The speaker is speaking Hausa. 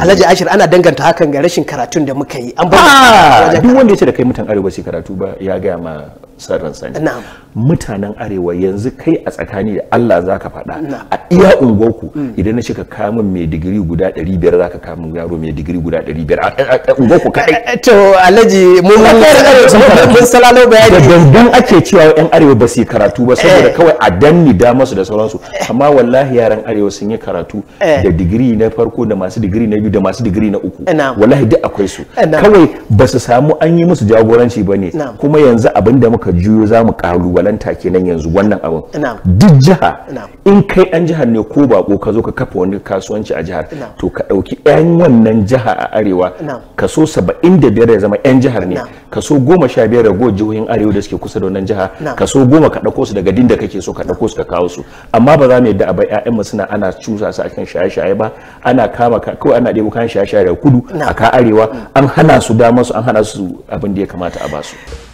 Alhaji Ashir ana danganta hakan ga rashin karatun da muka yi. An ba ah! duk wanda ya ce da kai mutan arewa sai karatu ba ya gaya ma san sani mutanen arewa yanzu kai a tsakani da Allah zaka faɗa a iya ungoku mm. idan na cika kamun mai digiri guda 500 zaka kamun yaro mai digiri guda 500 ungoku kai to alhaji mun mun salalo bayani da dangan ake cewa yan arewa ba su karatu ba saboda eh. kawai a danni da masu da sauransu eh. amma wallahi yaran arewa sun yi karatu eh. da digiri na farko da masu digiri na biyu da masu digiri na uku wallahi duk akwai su kawai ba su samu an yi musu jagoranci ba ne kuma yanzu abin da muka muka juyo za mu kalubalanta kenan yanzu wannan abun duk jiha in kai an jihar ne ko bako ka zo ka kafa wani kasuwanci a jihar to ka ɗauki 'yan wannan jiha a arewa kaso saba'in ya zama 'yan jihar ne kaso goma rago jihohin arewa da suke kusa da wannan jiha kaso goma ka ɗauko su daga dinda kake so ka ɗauko su ka kawo su amma ba za mu yadda a bai 'ya'yanmu suna ana cusa su kan shaye-shaye ba ana kama kawai ana ɗebo kayan shaye-shaye daga kudu a ka arewa an hana su dama su an hana su abin da ya kamata a basu.